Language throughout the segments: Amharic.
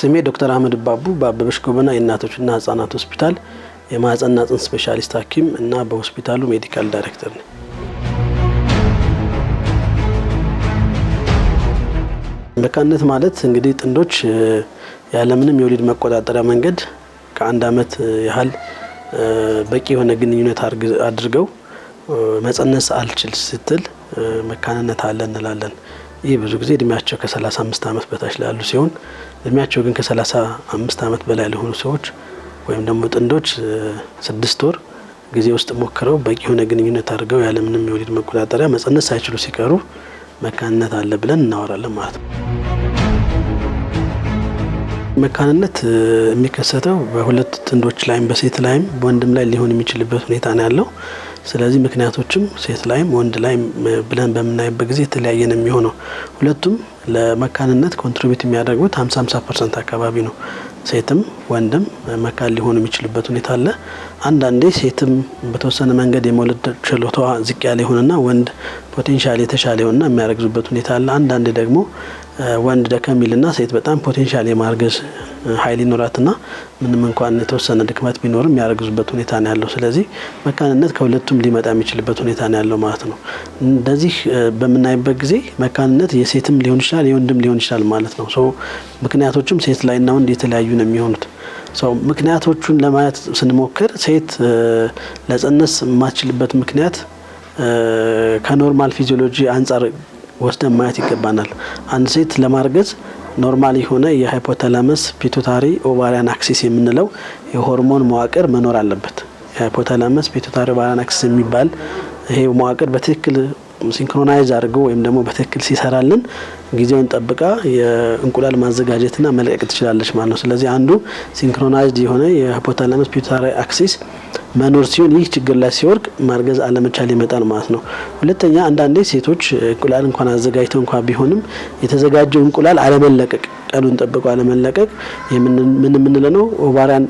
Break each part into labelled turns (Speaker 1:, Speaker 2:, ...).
Speaker 1: ስሜ ዶክተር አህመድ ባቡ በአበበሽ ጎበና የእናቶችና ህጻናት ሆስፒታል የማህፀንና ጽንስ ስፔሻሊስት ሐኪም እና በሆስፒታሉ ሜዲካል ዳይሬክተር ነኝ። መካንነት ማለት እንግዲህ ጥንዶች ያለምንም የወሊድ መቆጣጠሪያ መንገድ ከአንድ ዓመት ያህል በቂ የሆነ ግንኙነት አድርገው መጸነስ አልችል ስትል መካንነት አለ እንላለን። ይህ ብዙ ጊዜ እድሜያቸው ከ35 ዓመት በታች ላሉ ሲሆን እድሜያቸው ግን ከ35 ዓመት በላይ ለሆኑ ሰዎች ወይም ደግሞ ጥንዶች ስድስት ወር ጊዜ ውስጥ ሞክረው በቂ የሆነ ግንኙነት አድርገው ያለምንም የወሊድ መቆጣጠሪያ መጸነስ ሳይችሉ ሲቀሩ መካንነት አለ ብለን እናወራለን ማለት ነው። መካንነት የሚከሰተው በሁለት ጥንዶች ላይም በሴት ላይም በወንድም ላይ ሊሆን የሚችልበት ሁኔታ ነው ያለው። ስለዚህ ምክንያቶችም ሴት ላይም ወንድ ላይም ብለን በምናይበት ጊዜ የተለያየ ነው የሚሆነው። ሁለቱም ለመካንነት ኮንትሪቢዩት የሚያደርጉት ሀምሳ ሀምሳ ፐርሰንት አካባቢ ነው። ሴትም ወንድም መካን ሊሆኑ የሚችልበት ሁኔታ አለ። አንዳንዴ ሴትም በተወሰነ መንገድ የመውለድ ችሎታዋ ዝቅ ያለ ይሆንና ወንድ ፖቴንሻል የተሻለ የሆነና የሚያረግዙበት ሁኔታ አለ። አንዳንድ ደግሞ ወንድ ደከም ይልና ሴት በጣም ፖቴንሻል የማርገዝ ኃይል ይኖራትና ምንም እንኳን የተወሰነ ድክመት ቢኖርም ያረግዙበት ሁኔታ ነው ያለው። ስለዚህ መካንነት ከሁለቱም ሊመጣ የሚችልበት ሁኔታ ነው ያለው ማለት ነው። እንደዚህ በምናይበት ጊዜ መካንነት የሴትም ሊሆን ይችላል የወንድም ሊሆን ይችላል ማለት ነው። ምክንያቶቹም ሴት ላይና ወንድ የተለያዩ ነው የሚሆኑት። ሰው ምክንያቶቹን ለማየት ስንሞክር ሴት ለጸነስ የማትችልበት ምክንያት ከኖርማል ፊዚዮሎጂ አንጻር ወስደን ማየት ይገባናል። አንድ ሴት ለማርገዝ ኖርማል የሆነ የሃይፖተላመስ ፒቱታሪ ኦቫሪያን አክሲስ የምንለው የሆርሞን መዋቅር መኖር አለበት። የሃይፖተላመስ ፒቱታሪ ኦቫሪያን አክሲስ የሚባል ይሄ መዋቅር በትክክል ሲንክሮናይዝ አድርጎ ወይም ደግሞ በትክክል ሲሰራልን ጊዜውን ጠብቃ የእንቁላል ማዘጋጀትና መልቀቅ ትችላለች ማለት ነው። ስለዚህ አንዱ ሲንክሮናይዝድ የሆነ የሂፖታላመስ ፒቱታሪ አክሲስ መኖር ሲሆን ይህ ችግር ላይ ሲወርቅ ማርገዝ አለመቻል ይመጣል ማለት ነው። ሁለተኛ አንዳንዴ ሴቶች እንቁላል እንኳን አዘጋጅተው እንኳ ቢሆንም የተዘጋጀው እንቁላል አለመለቀቅ፣ ቀኑን ጠብቆ አለመለቀቅ ምን የምንለው ነው ኦቫሪያን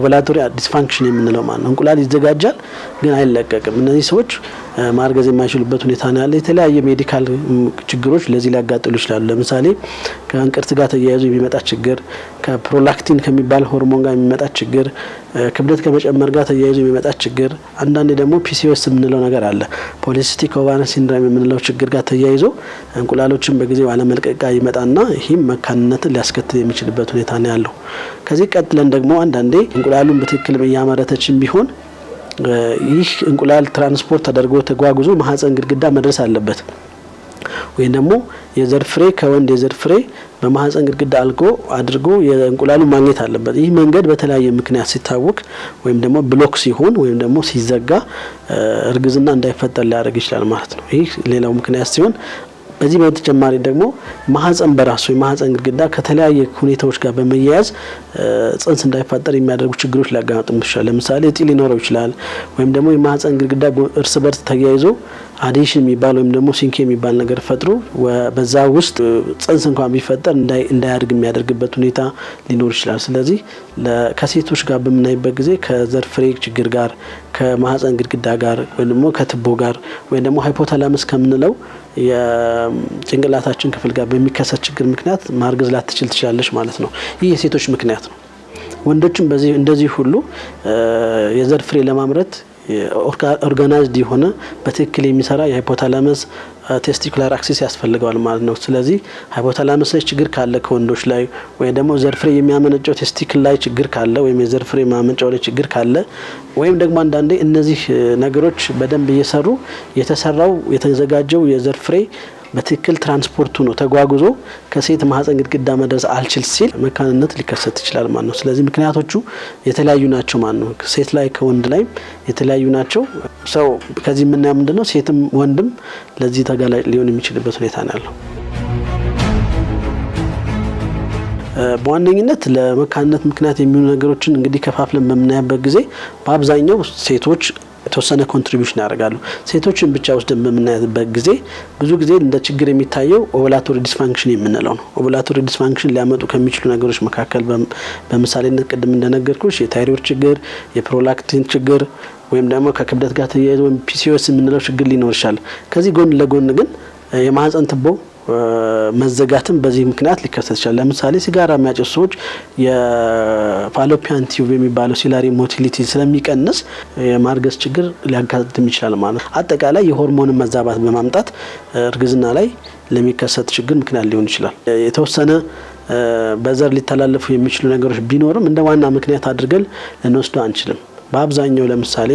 Speaker 1: ኦቨላቶሪ ዲስፋንክሽን የምንለው ማለት ነው። እንቁላል ይዘጋጃል ግን አይለቀቅም። እነዚህ ሰዎች ማርገዝ የማይችሉበት ሁኔታ ነው ያለ። የተለያየ ሜዲካል ችግሮች ለዚህ ሊያጋ ሊያጠሉ ይችላሉ። ለምሳሌ ከእንቅርት ጋር ተያይዞ የሚመጣ ችግር፣ ከፕሮላክቲን ከሚባል ሆርሞን ጋር የሚመጣ ችግር፣ ክብደት ከመጨመር ጋር ተያይዞ የሚመጣ ችግር፣ አንዳንዴ ደግሞ ፒሲኦስ የምንለው ነገር አለ። ፖሊሲስቲክ ኦቫሪያን ሲንድሮም የምንለው ችግር ጋር ተያይዞ እንቁላሎችን በጊዜው አለመልቀቅ ጋር ይመጣና ይህም መካንነትን ሊያስከትል የሚችልበት ሁኔታ ነው ያለው። ከዚህ ቀጥለን ደግሞ አንዳንዴ እንቁላሉን በትክክል እያመረተችን ቢሆን ይህ እንቁላል ትራንስፖርት ተደርጎ ተጓጉዞ ማህፀን ግድግዳ መድረስ አለበት። ወይም ደግሞ የዘር ፍሬ ከወንድ የዘር ፍሬ በማህፀን ግድግዳ አልቆ አድርጎ የእንቁላሉ ማግኘት አለበት። ይህ መንገድ በተለያየ ምክንያት ሲታወክ ወይም ደግሞ ብሎክ ሲሆን ወይም ደግሞ ሲዘጋ እርግዝና እንዳይፈጠር ሊያደርግ ይችላል ማለት ነው። ይህ ሌላው ምክንያት ሲሆን በዚህ በተጨማሪ ደግሞ ማህፀን በራሱ የማህፀን ግድግዳ ከተለያየ ሁኔታዎች ጋር በመያያዝ ጽንስ እንዳይፈጠር የሚያደርጉ ችግሮች ሊያጋጥሙ ይችላል። ለምሳሌ እጢ ሊኖረው ይችላል። ወይም ደግሞ የማህፀን ግድግዳ እርስ በርስ ተያይዞ አዲሽን የሚባል ወይም ደግሞ ሲንኬ የሚባል ነገር ፈጥሮ በዛ ውስጥ ጽንስ እንኳን ቢፈጠር እንዳያድግ የሚያደርግበት ሁኔታ ሊኖር ይችላል። ስለዚህ ከሴቶች ጋር በምናይበት ጊዜ ከዘር ፍሬ ችግር ጋር፣ ከማህፀን ግድግዳ ጋር ወይም ደግሞ ከትቦ ጋር ወይም ደግሞ ሃይፖታላምስ ከምንለው የጭንቅላታችን ክፍል ጋር በሚከሰት ችግር ምክንያት ማርገዝ ላትችል ትችላለች ማለት ነው። ይህ የሴቶች ምክንያት ነው። ወንዶችም በዚህ እንደዚህ ሁሉ የዘር ፍሬ ለማምረት ኦርጋናይዝድ የሆነ በትክክል የሚሰራ የሃይፖታላመስ ቴስቲኩላር አክሲስ ያስፈልገዋል ማለት ነው። ስለዚህ ሃይፖታላመስ ላይ ችግር ካለ ከወንዶች ላይ ወይም ደግሞ ዘርፍሬ የሚያመነጨው ቴስቲክል ላይ ችግር ካለ ወይም የዘርፍሬ ማመንጫው ላይ ችግር ካለ ወይም ደግሞ አንዳንዴ እነዚህ ነገሮች በደንብ እየሰሩ የተሰራው የተዘጋጀው የዘርፍሬ በትክክል ትራንስፖርቱ ነው ተጓጉዞ ከሴት ማህፀን ግድግዳ መድረስ አልችል ሲል መካንነት ሊከሰት ይችላል ማለት ነው። ስለዚህ ምክንያቶቹ የተለያዩ ናቸው ማለት ነው። ሴት ላይ ከወንድ ላይም የተለያዩ ናቸው። ሰው ከዚህ የምናየው ምንድነው ሴትም ወንድም ለዚህ ተጋላጭ ሊሆን የሚችልበት ሁኔታ ነው ያለው። በዋነኝነት ለመካንነት ምክንያት የሚሆኑ ነገሮችን እንግዲህ ከፋፍለን በምናያበት ጊዜ በአብዛኛው ሴቶች የተወሰነ ኮንትሪቢሽን ያደርጋሉ። ሴቶችን ብቻ ውስጥ በምናይበት ጊዜ ብዙ ጊዜ እንደ ችግር የሚታየው ኦቭላቶሪ ዲስፋንክሽን የምንለው ነው። ኦቭላቶሪ ዲስፋንክሽን ሊያመጡ ከሚችሉ ነገሮች መካከል በምሳሌነት ቅድም እንደነገርኩሽ የታይሪር ችግር፣ የፕሮላክቲን ችግር ወይም ደግሞ ከክብደት ጋር ተያይዞ ወይም ፒሲዮስ የምንለው ችግር ሊኖር ይችላል። ከዚህ ጎን ለጎን ግን የማህፀን ትቦ መዘጋትም በዚህ ምክንያት ሊከሰት ይችላል። ለምሳሌ ሲጋራ የሚያጨሱ ሰዎች የፋሎፒያን ቲዩብ የሚባለው ሲላሪ ሞቲሊቲ ስለሚቀንስ የማርገዝ ችግር ሊያጋጥም ይችላል ማለት ነው። አጠቃላይ የሆርሞን መዛባት በማምጣት እርግዝና ላይ ለሚከሰት ችግር ምክንያት ሊሆን ይችላል። የተወሰነ በዘር ሊተላለፉ የሚችሉ ነገሮች ቢኖርም እንደ ዋና ምክንያት አድርገን ልንወስዱ አንችልም። በአብዛኛው ለምሳሌ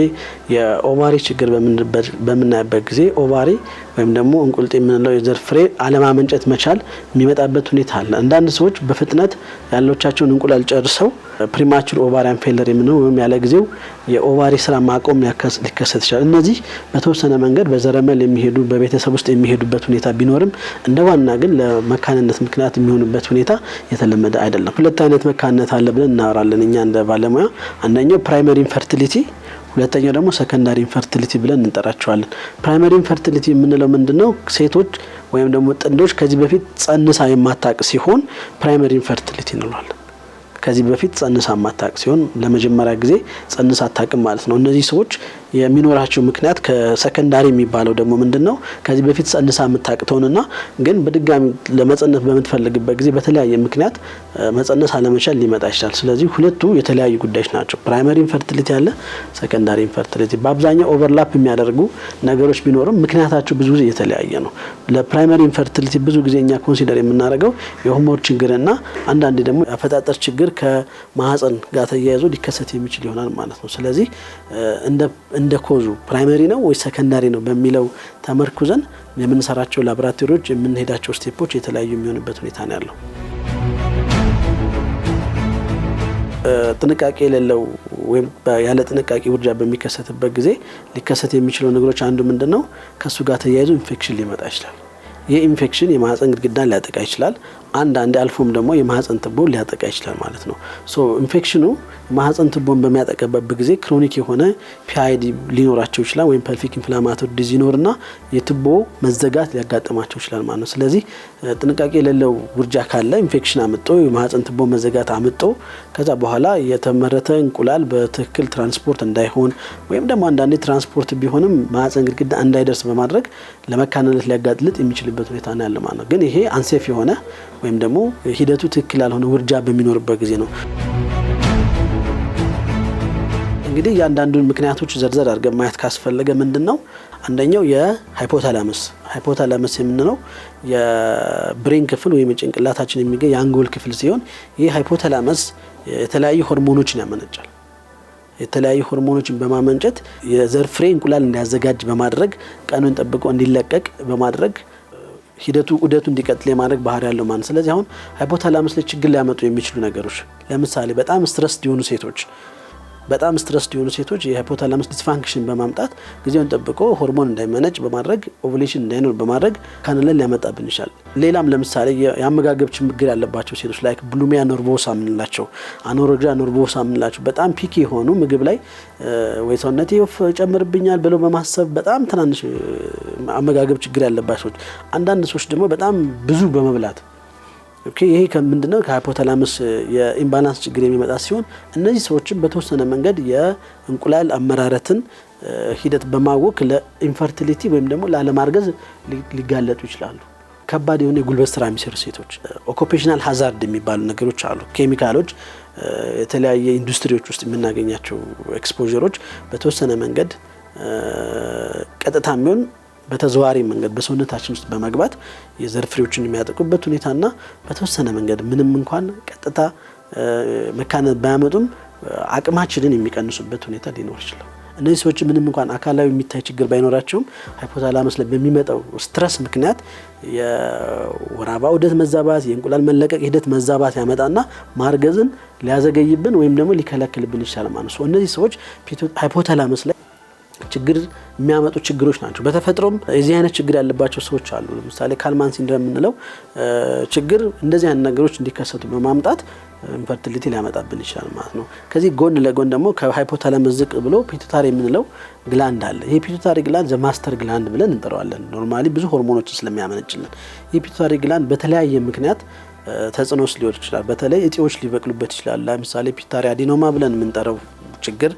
Speaker 1: የኦቫሪ ችግር በምናይበት ጊዜ ኦቫሪ ወይም ደግሞ እንቁልጥ የምንለው የዘር ፍሬ አለማመንጨት መቻል የሚመጣበት ሁኔታ አለ። አንዳንድ ሰዎች በፍጥነት ያሎቻቸውን እንቁላል ጨርሰው ፕሪማቹር ኦቫሪያን ፌለር የምንለው ወይም ያለ ጊዜው የኦቫሪ ስራ ማቆም ሊከሰት ይችላል። እነዚህ በተወሰነ መንገድ በዘረመል የሚሄዱ በቤተሰብ ውስጥ የሚሄዱበት ሁኔታ ቢኖርም እንደ ዋና ግን ለመካንነት ምክንያት የሚሆኑበት ሁኔታ የተለመደ አይደለም። ሁለት አይነት መካንነት አለ ብለን እናወራለን እኛ እንደ ባለሙያ። አንደኛው ፕራይመሪ ኢንፈርቲሊቲ ሁለተኛው ደግሞ ሰከንዳሪ ኢንፈርቲሊቲ ብለን እንጠራቸዋለን። ፕራይመሪ ኢንፈርቲሊቲ የምንለው ምንድን ነው? ሴቶች ወይም ደግሞ ጥንዶች ከዚህ በፊት ጸንሳ የማታቅ ሲሆን ፕራይመሪ ኢንፈርቲሊቲ እንለዋለን። ከዚህ በፊት ጸንሳ የማታቅ ሲሆን ለመጀመሪያ ጊዜ ጸንሳ አታቅም ማለት ነው። እነዚህ ሰዎች የሚኖራቸው ምክንያት ከሰከንዳሪ የሚባለው ደግሞ ምንድን ነው? ከዚህ በፊት ጸንሳ የምታቅተውንና ግን በድጋሚ ለመጸነስ በምትፈልግበት ጊዜ በተለያየ ምክንያት መጸነስ አለመቻል ሊመጣ ይችላል። ስለዚህ ሁለቱ የተለያዩ ጉዳዮች ናቸው። ፕራይመሪ ኢንፈርቲሊቲ አለ፣ ሰከንዳሪ ኢንፈርቲሊቲ። በአብዛኛው ኦቨርላፕ የሚያደርጉ ነገሮች ቢኖርም ምክንያታቸው ብዙ ጊዜ የተለያየ ነው። ለፕራይመሪ ኢንፈርቲሊቲ ብዙ ጊዜ እኛ ኮንሲደር የምናደርገው የሆሞር ችግርና አንዳንዴ ደግሞ የአፈጣጠር ችግር ከማህፀን ጋር ተያይዞ ሊከሰት የሚችል ይሆናል ማለት ነው። ስለዚህ እንደ ኮዙ ፕራይመሪ ነው ወይ ሰከንዳሪ ነው በሚለው ተመርኩዘን የምንሰራቸው ላቦራቶሪዎች፣ የምንሄዳቸው ስቴፖች የተለያዩ የሚሆንበት ሁኔታ ነው ያለው። ጥንቃቄ የሌለው ወይም ያለ ጥንቃቄ ውርጃ በሚከሰትበት ጊዜ ሊከሰት የሚችለው ነገሮች አንዱ ምንድን ነው? ከእሱ ጋር ተያይዞ ኢንፌክሽን ሊመጣ ይችላል። ይህ ኢንፌክሽን የማህፀን ግድግዳን ሊያጠቃ ይችላል። አንዳንዴ አልፎም ደግሞ የማህፀን ትቦን ሊያጠቃ ይችላል ማለት ነው። ሶ ኢንፌክሽኑ ማህፀን ትቦን በሚያጠቀበት ጊዜ ክሮኒክ የሆነ ፒአይዲ ሊኖራቸው ይችላል ወይም ፐልፊክ ኢንፍላማቶሪ ዲዝ ይኖርና የትቦ መዘጋት ሊያጋጥማቸው ይችላል ማለት ነው። ስለዚህ ጥንቃቄ የሌለው ውርጃ ካለ ኢንፌክሽን አምጦ የማህፀን ትቦ መዘጋት አምጦ ከዛ በኋላ የተመረተ እንቁላል በትክክል ትራንስፖርት እንዳይሆን ወይም ደግሞ አንዳንዴ ትራንስፖርት ቢሆንም ማህፀን ግድግዳ እንዳይደርስ በማድረግ ለመካንነት ሊያጋጥልጥ የሚችል የሚሄድበት ሁኔታ ነው ያለ ማለት ነው። ግን ይሄ አንሴፍ የሆነ ወይም ደግሞ ሂደቱ ትክክል ያልሆነ ውርጃ በሚኖርበት ጊዜ ነው። እንግዲህ እያንዳንዱን ምክንያቶች ዘርዘር አድርገን ማየት ካስፈለገ ምንድን ነው አንደኛው የሃይፖታላመስ ሃይፖታላመስ የምንለው የብሬን ክፍል ወይም የጭንቅላታችን የሚገኝ የአንጎል ክፍል ሲሆን ይህ ሃይፖታላመስ የተለያዩ ሆርሞኖችን ያመነጫል። የተለያዩ ሆርሞኖችን በማመንጨት የዘር ፍሬ እንቁላል እንዲያዘጋጅ በማድረግ ቀኑን ጠብቆ እንዲለቀቅ በማድረግ ሂደቱ ዑደቱ እንዲቀጥል የማድረግ ባህሪ ያለው ማን። ስለዚህ አሁን ሃይፖታላመስ ላይ ችግር ሊያመጡ የሚችሉ ነገሮች ለምሳሌ በጣም ስትረስ ሊሆኑ ሴቶች በጣም ስትረስ የሆኑ ሴቶች የሃይፖታላመስ ዲስፋንክሽን በማምጣት ጊዜውን ጠብቆ ሆርሞን እንዳይመነጭ በማድረግ ኦቭሌሽን እንዳይኖር በማድረግ ካንለን ሊያመጣብን ይችላል። ሌላም ለምሳሌ የአመጋገብ ችግር ያለባቸው ሴቶች ላይ ብሉሚያ ኖርቮሳ የምንላቸው አኖሮጃ ኖርቮሳ የምንላቸው በጣም ፒክ የሆኑ ምግብ ላይ ወይ ሰውነቴ ጨምርብኛል ብለው በማሰብ በጣም ትናንሽ አመጋገብ ችግር ያለባቸው አንዳንድ ሰዎች ደግሞ በጣም ብዙ በመብላት ይሄ ከምንድነው ከሃይፖታላመስ የኢምባላንስ ችግር የሚመጣ ሲሆን እነዚህ ሰዎችም በተወሰነ መንገድ የእንቁላል አመራረትን ሂደት በማወክ ለኢንፈርቲሊቲ ወይም ደግሞ ላለማርገዝ ሊጋለጡ ይችላሉ። ከባድ የሆነ የጉልበት ስራ የሚሰሩ ሴቶች ኦኩፔሽናል ሀዛርድ የሚባሉ ነገሮች አሉ። ኬሚካሎች የተለያየ ኢንዱስትሪዎች ውስጥ የምናገኛቸው ኤክስፖሮች በተወሰነ መንገድ ቀጥታ የሚሆን በተዘዋሪ መንገድ በሰውነታችን ውስጥ በመግባት የዘር ፍሬዎችን የሚያጠቁበት ሁኔታና በተወሰነ መንገድ ምንም እንኳን ቀጥታ መካነት ባያመጡም አቅማችንን የሚቀንሱበት ሁኔታ ሊኖር ይችላል። እነዚህ ሰዎች ምንም እንኳን አካላዊ የሚታይ ችግር ባይኖራቸውም ሃይፖታላመስ ላይ በሚመጣው ስትረስ ምክንያት የወር አበባ ዑደት መዛባት፣ የእንቁላል መለቀቅ ሂደት መዛባት ያመጣና ማርገዝን ሊያዘገይብን ወይም ደግሞ ሊከለክልብን ይችላል ማለት ነው። እነዚህ ሰዎች ሃይፖታላመስ ላይ ችግር የሚያመጡ ችግሮች ናቸው። በተፈጥሮም የዚህ አይነት ችግር ያለባቸው ሰዎች አሉ። ለምሳሌ ካልማን ሲንድረም የምንለው ችግር እንደዚህ አይነት ነገሮች እንዲከሰቱ በማምጣት ኢንፈርቲሊቲ ሊያመጣብን ይችላል ማለት ነው። ከዚህ ጎን ለጎን ደግሞ ከሃይፖታለም ዝቅ ብሎ ፒቱታሪ የምንለው ግላንድ አለ። ይህ ፒቱታሪ ግላንድ ዘማስተር ግላንድ ብለን እንጠራዋለን። ኖርማሊ ብዙ ሆርሞኖችን ስለሚያመነጭልን ይህ ፒቱታሪ ግላንድ በተለያየ ምክንያት ተጽዕኖስ ሊወድ ይችላል። በተለይ እጢዎች ሊበቅሉበት ይችላል። ለምሳሌ ፒቱታሪ አዲኖማ ብለን የምንጠራው ችግር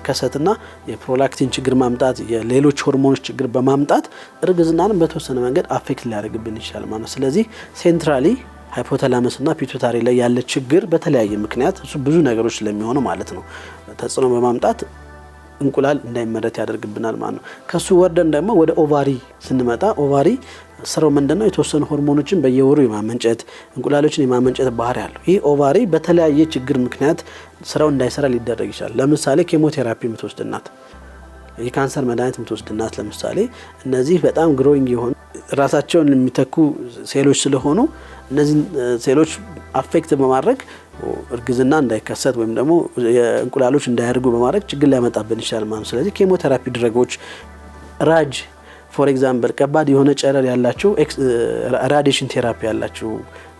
Speaker 1: መከሰትና የፕሮላክቲን ችግር ማምጣት የሌሎች ሆርሞኖች ችግር በማምጣት እርግዝናንም በተወሰነ መንገድ አፌክት ሊያደርግብን ይችላል ማለት ነው። ስለዚህ ሴንትራሊ ሃይፖታላመስና ፒቱታሪ ላይ ያለ ችግር በተለያየ ምክንያት ብዙ ነገሮች ስለሚሆኑ ማለት ነው ተጽዕኖ በማምጣት እንቁላል እንዳይመረት ያደርግብናል ማለት ነው። ከሱ ወርደን ደግሞ ወደ ኦቫሪ ስንመጣ ኦቫሪ ስራው ምንድነው? የተወሰኑ ሆርሞኖችን በየወሩ የማመንጨት እንቁላሎችን የማመንጨት ባህሪ አለው። ይህ ኦቫሪ በተለያየ ችግር ምክንያት ስራው እንዳይሰራ ሊደረግ ይችላል። ለምሳሌ ኬሞቴራፒ የምትወስድ እናት፣ የካንሰር መድኃኒት የምትወስድ እናት ለምሳሌ እነዚህ በጣም ግሮይንግ የሆኑ ራሳቸውን የሚተኩ ሴሎች ስለሆኑ እነዚህ ሴሎች አፌክት በማድረግ እርግዝና እንዳይከሰት ወይም ደግሞ እንቁላሎች እንዳያድጉ በማድረግ ችግር ሊያመጣብን ይችላል ማለት ስለዚህ ኬሞቴራፒ ድረጎች ራጅ ፎር ኤግዛምፕል ከባድ የሆነ ጨረር ያላቸው ራዲሽን ቴራፒ ያላቸው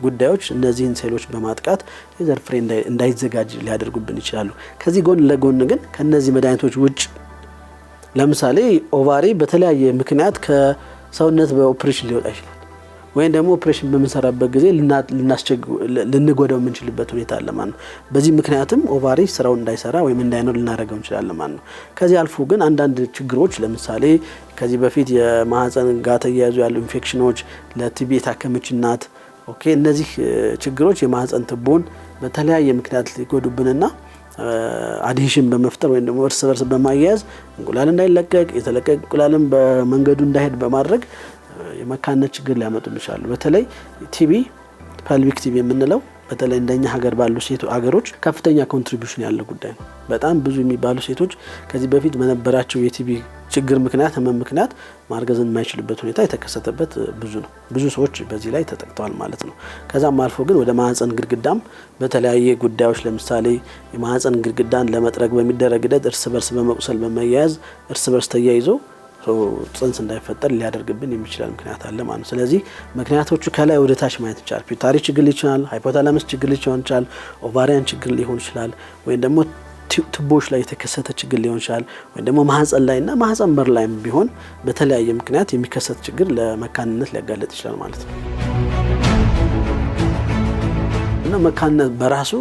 Speaker 1: ጉዳዮች እነዚህን ሴሎች በማጥቃት የዘር ፍሬ እንዳይዘጋጅ ሊያደርጉብን ይችላሉ። ከዚህ ጎን ለጎን ግን ከእነዚህ መድኃኒቶች ውጭ ለምሳሌ ኦቫሪ በተለያየ ምክንያት ከሰውነት በኦፕሬሽን ሊወጣ ይችላል። ወይም ደግሞ ኦፕሬሽን በምንሰራበት ጊዜ ልንጎዳው የምንችልበት ሁኔታ አለ ማለት ነው። በዚህ ምክንያትም ኦቫሪ ስራውን እንዳይሰራ ወይም እንዳይኖር ልናደርገው እንችላለን ማለት ነው። ከዚህ አልፎ ግን አንዳንድ ችግሮች ለምሳሌ ከዚህ በፊት የማህፀን ጋር ተያያዙ ያሉ ኢንፌክሽኖች፣ ለቲቢ የታከመች እናት ኦኬ፣ እነዚህ ችግሮች የማህፀን ትቦን በተለያየ ምክንያት ሊጎዱብንና አዲሽን በመፍጠር ወይም ደግሞ እርስ በርስ በማያያዝ እንቁላል እንዳይለቀቅ የተለቀቅ እንቁላልን በመንገዱ እንዳይሄድ በማድረግ የመካነት ችግር ሊያመጡ ይችላሉ። በተለይ ቲቢ ፐልቪክ ቲቪ የምንለው በተለይ እንደኛ ሀገር ባሉ ሴቶ ሀገሮች ከፍተኛ ኮንትሪቢሽን ያለ ጉዳይ ነው። በጣም ብዙ የሚባሉ ሴቶች ከዚህ በፊት በነበራቸው የቲቪ ችግር ምክንያት ህመም ምክንያት ማርገዝን የማይችልበት ሁኔታ የተከሰተበት ብዙ ነው። ብዙ ሰዎች በዚህ ላይ ተጠቅተዋል ማለት ነው። ከዛም አልፎ ግን ወደ ማህፀን ግድግዳም በተለያየ ጉዳዮች ለምሳሌ የማህፀን ግድግዳን ለመጥረግ በሚደረግ ሂደት እርስ በርስ በመቁሰል በመያያዝ እርስ በርስ ተያይዘው ጽንስ እንዳይፈጠር ሊያደርግብን የሚችላል ምክንያት አለ ማለት ነው። ስለዚህ ምክንያቶቹ ከላይ ወደ ታች ማየት ይቻላል። ፒታሪ ችግር ይችላል፣ ሃይፖታላመስ ችግር ሊሆን ይችላል፣ ኦቫሪያን ችግር ሊሆን ይችላል፣ ወይም ደግሞ ቱቦች ላይ የተከሰተ ችግር ሊሆን ይችላል፣ ወይም ደግሞ ማህፀን ላይ እና ማህፀን በር ላይም ቢሆን በተለያየ ምክንያት የሚከሰት ችግር ለመካንነት ሊያጋለጥ ይችላል ማለት ነው እና መካንነት በራሱ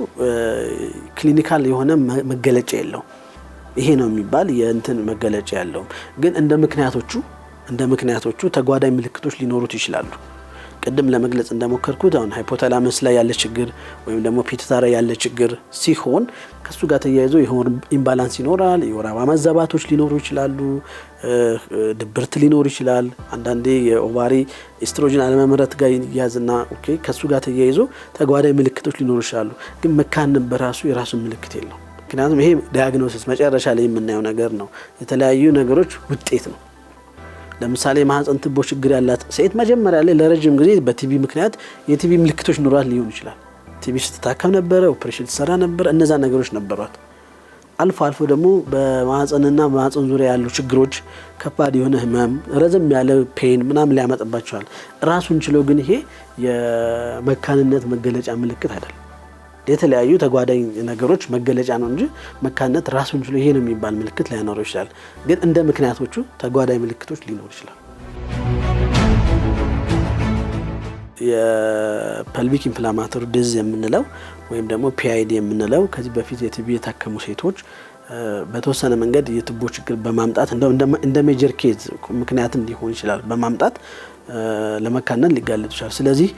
Speaker 1: ክሊኒካል የሆነ መገለጫ የለው ይሄ ነው የሚባል የእንትን መገለጫ ያለውም ግን እንደ ምክንያቶቹ እንደ ምክንያቶቹ ተጓዳኝ ምልክቶች ሊኖሩት ይችላሉ። ቅድም ለመግለጽ እንደሞከርኩት አሁን ሃይፖታላመስ ላይ ያለ ችግር ወይም ደግሞ ፒቱታሪ ያለ ችግር ሲሆን ከሱ ጋር ተያይዞ የሆርን ኢምባላንስ ይኖራል። የወር አበባ መዛባቶች ሊኖሩ ይችላሉ። ድብርት ሊኖር ይችላል። አንዳንዴ የኦቫሪ ኤስትሮጅን አለመምረት ጋር ይያዝና ኦኬ ከሱ ጋር ተያይዞ ተጓዳኝ ምልክቶች ሊኖሩ ይችላሉ። ግን መካንም በራሱ የራሱን ምልክት የለው ምክንያቱም ይሄ ዲያግኖሲስ መጨረሻ ላይ የምናየው ነገር ነው። የተለያዩ ነገሮች ውጤት ነው። ለምሳሌ ማህፀን ትቦ ችግር ያላት ሴት መጀመሪያ ላይ ለረጅም ጊዜ በቲቪ ምክንያት የቲቪ ምልክቶች ኑሯት ሊሆን ይችላል። ቲቪ ስትታከም ነበረ፣ ኦፕሬሽን ትሰራ ነበረ፣ እነዛ ነገሮች ነበሯት። አልፎ አልፎ ደግሞ በማህፀንና በማህፀን ዙሪያ ያሉ ችግሮች ከባድ የሆነ ህመም፣ ረዘም ያለ ፔን ምናምን ሊያመጥባቸዋል። ራሱን ችለው ግን ይሄ የመካንነት መገለጫ ምልክት አይደለም። የተለያዩ ተጓዳኝ ነገሮች መገለጫ ነው እንጂ መካንነት ራሱን ችሎ ይሄ ነው የሚባል ምልክት ላይኖረው ይችላል። ግን እንደ ምክንያቶቹ ተጓዳኝ ምልክቶች ሊኖር ይችላል። የፐልቪክ ኢንፍላማቶሪ ድዝ የምንለው ወይም ደግሞ ፒአይዲ የምንለው ከዚህ በፊት የቲቢ የታከሙ ሴቶች በተወሰነ መንገድ የትቦ ችግር በማምጣት እንደ ሜጀር ኬዝ ምክንያትም ሊሆን ይችላል በማምጣት ለመካነን ሊጋለጡ ይችላል። ስለዚህ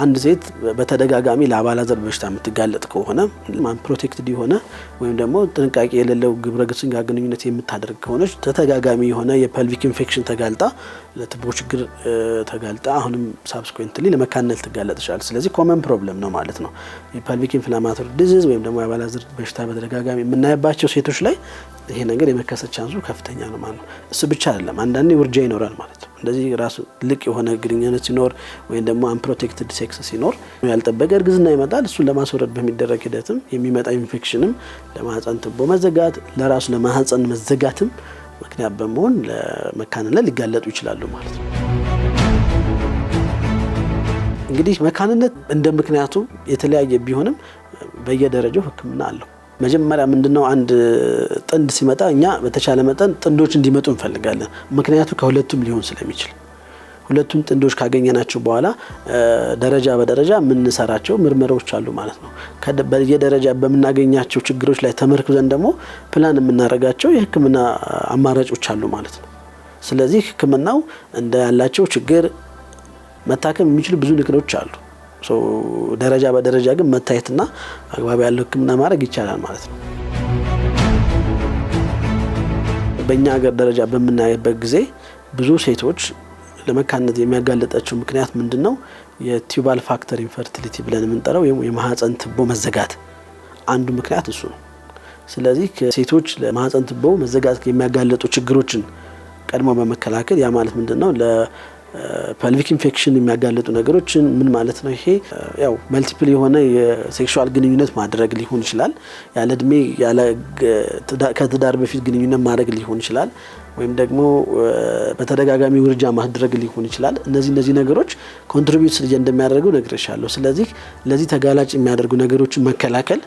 Speaker 1: አንድ ሴት በተደጋጋሚ ለአባላዘር በሽታ የምትጋለጥ ከሆነ ፕሮቴክትድ የሆነ ወይም ደግሞ ጥንቃቄ የሌለው ግብረ ስጋ ግንኙነት የምታደርግ ከሆነች ተተጋጋሚ የሆነ የፐልቪክ ኢንፌክሽን ተጋልጣ ለትቦ ችግር ተጋልጣ አሁንም ሳብስኮንትሊ ለመካነል ትጋለጥ ይችላል። ስለዚህ ኮመን ፕሮብለም ነው ማለት ነው። የፐልቪክ ኢንፍላማቶሪ ዲዚዝ ወይም ደግሞ የአባላዘር በሽታ በተደጋጋሚ የምናይባቸው ሴቶች ላይ ይሄ ነገር የመከሰት ቻንሱ ከፍተኛ ነው ማለት ነው። እሱ ብቻ አይደለም፣ አንዳንዴ ውርጃ ይኖራል ማለት ነው። እንደዚህ ራሱ ልቅ የሆነ ግንኙነት ሲኖር ወይም ደግሞ አንፕሮቴክትድ ሴክስ ሲኖር ያልጠበቀ እርግዝና ይመጣል። እሱን ለማስወረድ በሚደረግ ሂደትም የሚመጣ ኢንፌክሽንም ለማህፀን ትቦ መዘጋት፣ ለራሱ ለማህፀን መዘጋትም ምክንያት በመሆን ለመካንነት ሊጋለጡ ይችላሉ ማለት ነው። እንግዲህ መካንነት እንደ ምክንያቱ የተለያየ ቢሆንም በየደረጃው ሕክምና አለው። መጀመሪያ ምንድነው አንድ ጥንድ ሲመጣ እኛ በተቻለ መጠን ጥንዶች እንዲመጡ እንፈልጋለን። ምክንያቱ ከሁለቱም ሊሆን ስለሚችል ሁለቱም ጥንዶች ካገኘናቸው በኋላ ደረጃ በደረጃ የምንሰራቸው ምርመራዎች አሉ ማለት ነው። በየደረጃ በምናገኛቸው ችግሮች ላይ ተመርኩዘን ደግሞ ፕላን የምናደርጋቸው የሕክምና አማራጮች አሉ ማለት ነው። ስለዚህ ሕክምናው ያላቸው ችግር መታከም የሚችሉ ብዙ ንቅዶች አሉ። ደረጃ በደረጃ ግን መታየትና አግባብ ያለው ሕክምና ማድረግ ይቻላል ማለት ነው። በእኛ ሀገር ደረጃ በምናይበት ጊዜ ብዙ ሴቶች ለመካነት የሚያጋለጣቸው ምክንያት ምንድን ነው? የቲዩባል ፋክተር ኢንፈርቲሊቲ ብለን የምንጠራው ወይም የማህፀን ትቦ መዘጋት አንዱ ምክንያት እሱ ነው። ስለዚህ ሴቶች ለማህፀን ትቦ መዘጋት የሚያጋለጡ ችግሮችን ቀድሞ በመከላከል ያ ማለት ምንድን ነው ፐልቪክ ኢንፌክሽን የሚያጋለጡ ነገሮችን ምን ማለት ነው? ይሄ ያው መልቲፕል የሆነ የሴክሹዋል ግንኙነት ማድረግ ሊሆን ይችላል። ያለ እድሜ ከትዳር በፊት ግንኙነት ማድረግ ሊሆን ይችላል። ወይም ደግሞ በተደጋጋሚ ውርጃ ማድረግ ሊሆን ይችላል። እነዚህ እነዚህ ነገሮች ኮንትሪቢዩት እንደሚያደርገው ነግረሻለሁ። ስለዚህ ለዚህ ተጋላጭ የሚያደርጉ ነገሮችን መከላከል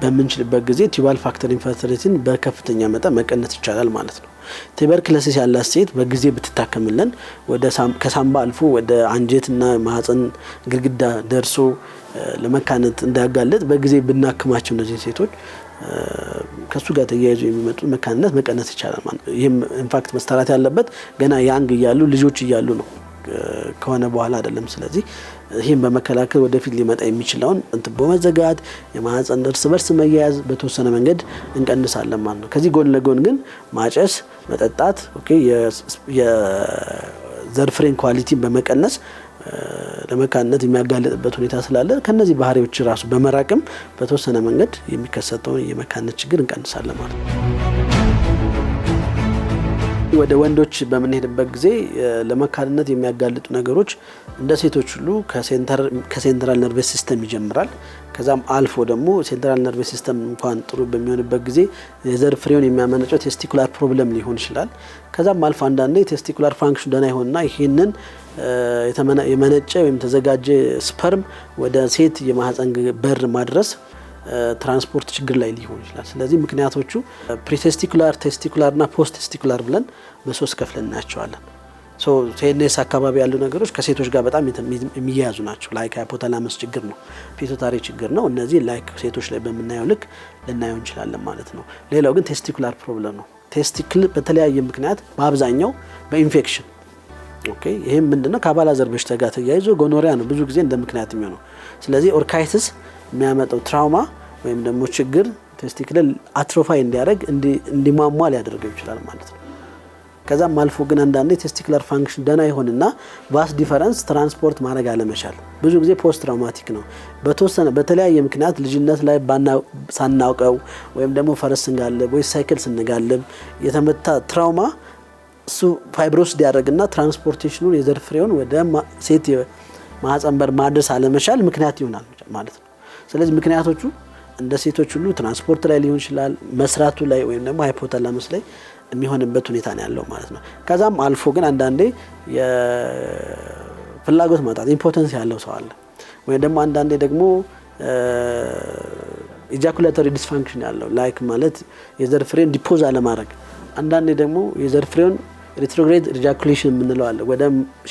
Speaker 1: በምንችልበት ጊዜ ቲዩባል ፋክተር ኢንፈርቲሊቲን በከፍተኛ መጠን መቀነስ ይቻላል ማለት ነው። ቱበርክሎሲስ ያላት ሴት በጊዜ ብትታከምልን ከሳምባ አልፎ ወደ አንጀትና ማህፀን ግድግዳ ደርሶ ለመካነት እንዳያጋለጥ በጊዜ ብናክማቸው እነዚህ ሴቶች ከእሱ ጋር ተያይዞ የሚመጡ መካንነት መቀነስ ይቻላል ማለት ነው። ይህም ኢንፋክት መስተራት ያለበት ገና ያንግ እያሉ ልጆች እያሉ ነው። ከሆነ በኋላ አይደለም። ስለዚህ ይህም በመከላከል ወደፊት ሊመጣ የሚችለውን እንትን በመዘጋት የማህፀን እርስ በርስ መያያዝ በተወሰነ መንገድ እንቀንሳለን ማለት ነው። ከዚህ ጎን ለጎን ግን ማጨስ፣ መጠጣት የዘርፍሬን ኳሊቲን በመቀነስ ለመካንነት የሚያጋልጥበት ሁኔታ ስላለ ከነዚህ ባህሪዎች ራሱ በመራቅም በተወሰነ መንገድ የሚከሰተውን የመካንነት ችግር እንቀንሳለን ማለት ነው። ወደ ወንዶች በምንሄድበት ጊዜ ለመካንነት የሚያጋልጡ ነገሮች እንደ ሴቶች ሁሉ ከሴንትራል ነርስ ሲስተም ይጀምራል። ከዛም አልፎ ደግሞ ሴንትራል ነርቨስ ሲስተም እንኳን ጥሩ በሚሆንበት ጊዜ የዘር ፍሬውን የሚያመነጨው ቴስቲኩላር ፕሮብለም ሊሆን ይችላል። ከዛም አልፎ አንዳንዴ ቴስቲኩላር ፋንክሽን ደህና ይሆንና ይህንን የመነጨ ወይም የተዘጋጀ ስፐርም ወደ ሴት የማህፀን በር ማድረስ ትራንስፖርት ችግር ላይ ሊሆን ይችላል። ስለዚህ ምክንያቶቹ ፕሪቴስቲኩላር፣ ቴስቲኩላር እና ፖስት ቴስቲኩላር ብለን በሶስት ከፍለን እናያቸዋለን። ቴኔስ አካባቢ ያሉ ነገሮች ከሴቶች ጋር በጣም የሚያያዙ ናቸው። ላይክ ሃይፖታላመስ ችግር ነው፣ ፒቶታሪ ችግር ነው። እነዚህ ላይክ ሴቶች ላይ በምናየው ልክ ልናየው እንችላለን ማለት ነው። ሌላው ግን ቴስቲኩላር ፕሮብለም ነው። ቴስቲክል በተለያየ ምክንያት በአብዛኛው በኢንፌክሽን ኦኬ። ይህም ምንድነው? ከአባላዘር በሽታ ጋር ተያይዞ ጎኖሪያ ነው ብዙ ጊዜ እንደ ምክንያት የሚሆነው። ስለዚህ ኦርካይትስ የሚያመጣው ትራውማ ወይም ደግሞ ችግር ቴስቲክል አትሮፋይ እንዲያደርግ እንዲሟሟ ሊያደርገው ይችላል ማለት ነው። ከዛም አልፎ ግን አንዳንዴ ቴስቲክለር ፋንክሽን ደህና ይሆንና ቫስ ዲፈረንስ ትራንስፖርት ማድረግ አለመቻል ብዙ ጊዜ ፖስት ትራውማቲክ ነው። በተወሰነ በተለያየ ምክንያት ልጅነት ላይ ሳናውቀው ወይም ደግሞ ፈረስ ስንጋልብ ወይ ሳይክል ስንጋልብ የተመታ ትራውማ እሱ ፋይብሮስ ሊያደርግና ትራንስፖርቴሽኑን የዘር ፍሬውን ወደ ሴት ማህፀን በር ማድረስ አለመቻል ምክንያት ይሆናል ማለት ነው። ስለዚህ ምክንያቶቹ እንደ ሴቶች ሁሉ ትራንስፖርት ላይ ሊሆን ይችላል፣ መስራቱ ላይ ወይም ደግሞ ሃይፖታላመስ ላይ የሚሆንበት ሁኔታ ነው ያለው ማለት ነው። ከዛም አልፎ ግን አንዳንዴ የፍላጎት ማጣት ኢምፖተንስ ያለው ሰው አለ ወይም ደግሞ አንዳንዴ ደግሞ ኢጃኩላተሪ ዲስፋንክሽን ያለው ላይክ ማለት የዘር ፍሬን ዲፖዝ አለማድረግ አንዳንዴ ደግሞ የዘር ፍሬውን ሪትሮግሬድ ሪጃኩሌሽን የምንለው አለ። ወደ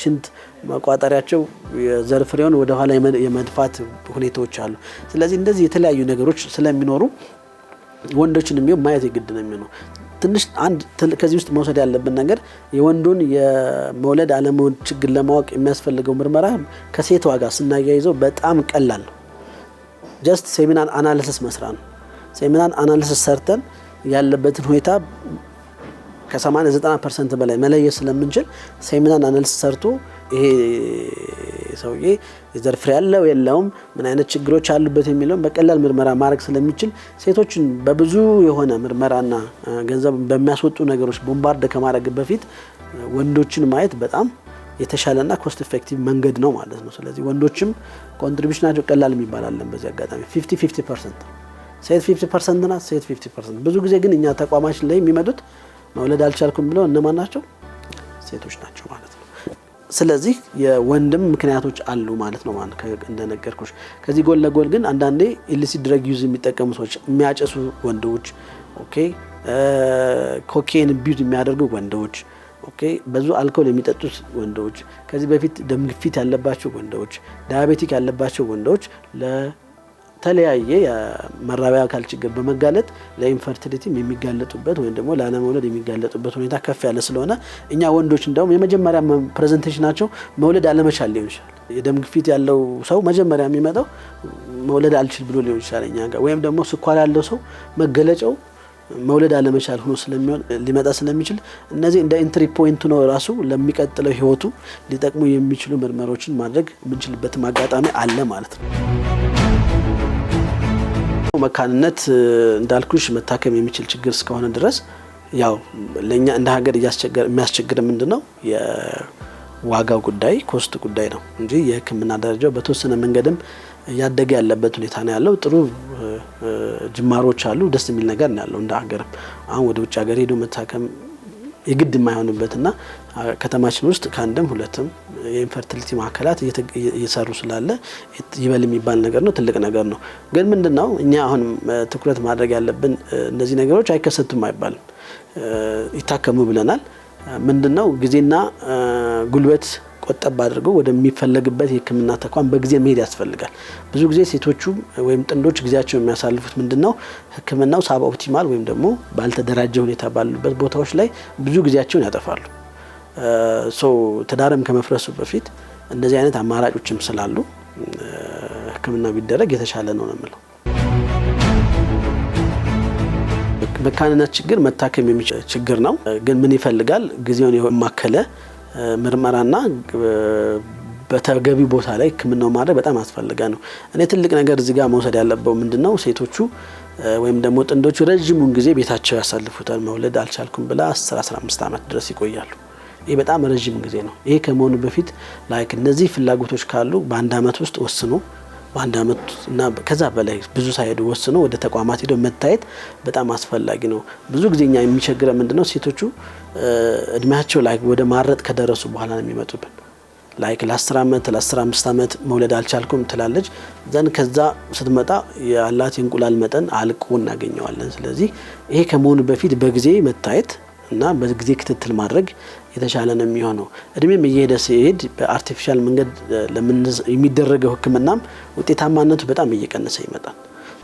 Speaker 1: ሽንት መቋጠሪያቸው የዘር ፍሬውን የመድፋት ሁኔታዎች አሉ። ስለዚህ እንደዚህ የተለያዩ ነገሮች ስለሚኖሩ ወንዶችን የሚሆን ማየት የግድ ነው የሚሆነው። ትንሽ አንድ ከዚህ ውስጥ መውሰድ ያለብን ነገር የወንዱን የመውለድ አለመውለድ ችግር ለማወቅ የሚያስፈልገው ምርመራ ከሴቷ ጋር ስናያይዘው በጣም ቀላል ነው። ጀስት ሴሚናን አናሊሲስ መስራ ነው። ሴሚናን አናሊሲስ ሰርተን ያለበትን ሁኔታ ከ80 90 ፐርሰንት በላይ መለየት ስለምንችል ሴሚናን አናልስ ሰርቶ ይሄ ሰውዬ የዘር ፍሬ ያለው የለውም፣ ምን አይነት ችግሮች አሉበት የሚለውን በቀላል ምርመራ ማድረግ ስለሚችል ሴቶችን በብዙ የሆነ ምርመራና ገንዘብ በሚያስወጡ ነገሮች ቦምባርድ ከማድረግ በፊት ወንዶችን ማየት በጣም የተሻለና ኮስት ኢፌክቲቭ መንገድ ነው ማለት ነው። ስለዚህ ወንዶችም ኮንትሪቢሽናቸው ቀላል የሚባል አለን። በዚህ አጋጣሚ 50 ፐርሰንት ሴት ፊፍቲ ፐርሰንት ናት፣ ሴት ፐርሰንት። ብዙ ጊዜ ግን እኛ ተቋማችን ላይ የሚመጡት መውለድ አልቻልኩም ብለው እነማን ናቸው? ሴቶች ናቸው ማለት ነው። ስለዚህ የወንድም ምክንያቶች አሉ ማለት ነው ማለት እንደነገርኩሽ። ከዚህ ጎን ለጎን ግን አንዳንዴ ኢሊሲት ድረግ ዩዝ የሚጠቀሙ ሰዎች፣ የሚያጨሱ ወንዶች፣ ኦኬ ኮኬን ቢዩዝ የሚያደርጉ ወንዶች ኦኬ ብዙ አልኮል የሚጠጡት ወንዶች፣ ከዚህ በፊት ደም ግፊት ያለባቸው ወንዶች፣ ዳያቤቲክ ያለባቸው ወንዶች የተለያየ የመራቢያ አካል ችግር በመጋለጥ ለኢንፈርቲሊቲም የሚጋለጡበት ወይም ደግሞ ላለመውለድ የሚጋለጡበት ሁኔታ ከፍ ያለ ስለሆነ እኛ ወንዶች እንደውም የመጀመሪያ ፕሬዘንቴሽናቸው መውለድ አለመቻል ሊሆን ይችላል። የደም ግፊት ያለው ሰው መጀመሪያ የሚመጣው መውለድ አልችል ብሎ ሊሆን ይችላል እኛ ጋር ወይም ደግሞ ስኳር ያለው ሰው መገለጫው መውለድ አለመቻል ሆኖ ሊመጣ ስለሚችል እነዚህ እንደ ኢንትሪ ፖይንት ነው ራሱ ለሚቀጥለው ህይወቱ ሊጠቅሙ የሚችሉ ምርመሮችን ማድረግ የምንችልበትም አጋጣሚ አለ ማለት ነው። መካንነት እንዳልኩሽ መታከም የሚችል ችግር እስከሆነ ድረስ ያው ለእኛ እንደ ሀገር የሚያስቸግር ምንድን ነው የዋጋው ጉዳይ ኮስት ጉዳይ ነው እንጂ የህክምና ደረጃው በተወሰነ መንገድም እያደገ ያለበት ሁኔታ ነው ያለው። ጥሩ ጅማሮች አሉ። ደስ የሚል ነገር ነው ያለው እንደ ሀገርም አሁን ወደ ውጭ ሀገር ሄዶ መታከም የግድ የማይሆንበትና ከተማችን ውስጥ ከአንድም ሁለትም የኢንፈርቲሊቲ ማዕከላት እየሰሩ ስላለ ይበል የሚባል ነገር ነው፣ ትልቅ ነገር ነው። ግን ምንድን ነው እኛ አሁን ትኩረት ማድረግ ያለብን እነዚህ ነገሮች አይከሰቱም አይባልም፣ ይታከሙ ብለናል። ምንድን ነው ጊዜና ጉልበት ቆጠብ አድርገው ወደሚፈለግበት የህክምና ተቋም በጊዜ መሄድ ያስፈልጋል። ብዙ ጊዜ ሴቶቹ ወይም ጥንዶች ጊዜያቸው የሚያሳልፉት ምንድን ነው? ህክምናው ሳብ ኦፕቲማል ወይም ደግሞ ባልተደራጀ ሁኔታ ባሉበት ቦታዎች ላይ ብዙ ጊዜያቸውን ያጠፋሉ። ትዳርም ከመፍረሱ በፊት እንደዚህ አይነት አማራጮችም ስላሉ ህክምና ቢደረግ የተሻለ ነው ነው የምለው። መካንነት ችግር መታከም የሚችል ችግር ነው፣ ግን ምን ይፈልጋል? ጊዜውን የማከለ ምርመራና በተገቢ ቦታ ላይ ሕክምናው ማድረግ በጣም አስፈልገ ነው። እኔ ትልቅ ነገር እዚህ ጋር መውሰድ ያለበው ምንድን ነው ሴቶቹ ወይም ደግሞ ጥንዶቹ ረዥሙን ጊዜ ቤታቸው ያሳልፉታል። መውለድ አልቻልኩም ብላ 10 15 ዓመት ድረስ ይቆያሉ። ይህ በጣም ረዥም ጊዜ ነው። ይሄ ከመሆኑ በፊት ላይክ እነዚህ ፍላጎቶች ካሉ በአንድ ዓመት ውስጥ ወስኖ በአንድ አመት እና ከዛ በላይ ብዙ ሳይሄዱ ወስኖ ወደ ተቋማት ሄደው መታየት በጣም አስፈላጊ ነው። ብዙ ጊዜ የሚቸግረ ምንድነው ሴቶቹ እድሜያቸው ላይ ወደ ማረጥ ከደረሱ በኋላ ነው የሚመጡብን። ላይክ ለ10 ዓመት ለ15 አመት መውለድ አልቻልኩም ትላለች። ዘን ከዛ ስትመጣ ያላት የእንቁላል መጠን አልቆ እናገኘዋለን። ስለዚህ ይሄ ከመሆኑ በፊት በጊዜ መታየት እና በጊዜ ክትትል ማድረግ የተሻለ ነው የሚሆነው። እድሜም እየሄደ ሲሄድ በአርቲፊሻል መንገድ የሚደረገው ሕክምናም ውጤታማነቱ በጣም እየቀነሰ ይመጣል።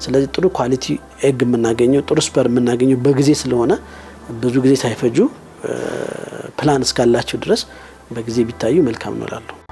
Speaker 1: ስለዚህ ጥሩ ኳሊቲ ኤግ የምናገኘው ጥሩ ስፐር የምናገኘው በጊዜ ስለሆነ ብዙ ጊዜ ሳይፈጁ ፕላን እስካላቸው ድረስ በጊዜ ቢታዩ መልካም ነው እላለሁ።